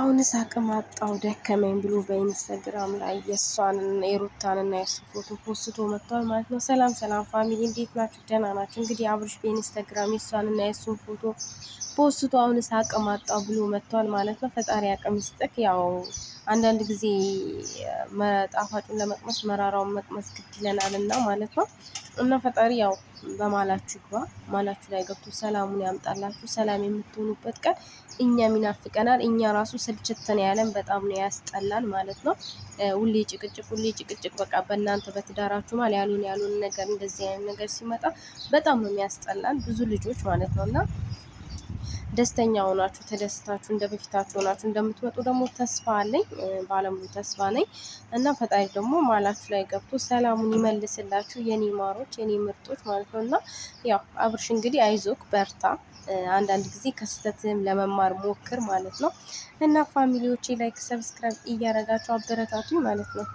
አሁንስ አቅም አጣው ደከመኝ ብሎ በኢንስታግራም ላይ የእሷን የሩታንና የእሱ ፎቶ ፖስቶ መጥቷል ማለት ነው። ሰላም ሰላም ፋሚሊ እንዴት ናችሁ? ደህና ናችሁ? እንግዲህ አብርሽ በኢንስታግራም የእሷንና የእሱን ፎቶ ፖስቶ አሁንስ አቅም አጣው ብሎ መጥቷል ማለት ነው። ፈጣሪ አቅም ይስጥክ። ያው አንዳንድ ጊዜ ጣፋጩን ለመቅመስ መራራውን መቅመስ ግድ ይለናል እና ማለት ነው እና ፈጣሪ ያው በማላችሁ ግባ ማላችሁ ላይ ገብቶ ሰላሙን ያምጣላችሁ። ሰላም የምትሆኑበት ቀን እኛም ይናፍቀናል። እኛ ራሱ ስልችትን ያለን በጣም ነው ያስጠላል ማለት ነው። ሁሌ ጭቅጭቅ፣ ሁሌ ጭቅጭቅ በቃ በእናንተ በትዳራችሁ ማል ያሉን ያሉን ነገር እንደዚህ አይነት ነገር ሲመጣ በጣም ነው የሚያስጠላን ብዙ ልጆች ማለት ነው እና ደስተኛ ሆናችሁ ተደስታችሁ እንደ በፊታችሁ ሆናችሁ እንደምትመጡ ደግሞ ተስፋ አለኝ። ባለሙሉ ተስፋ ነኝ እና ፈጣሪ ደግሞ ማላችሁ ላይ ገብቶ ሰላሙን ይመልስላችሁ የኔ ማሮች፣ የኔ ምርጦች ማለት ነው እና ያው አብርሽ እንግዲህ አይዞክ በርታ። አንዳንድ ጊዜ ከስህተትም ለመማር ሞክር ማለት ነው እና ፋሚሊዎቼ ላይክ፣ ሰብስክራይብ እያረጋችሁ አበረታቱኝ ማለት ነው።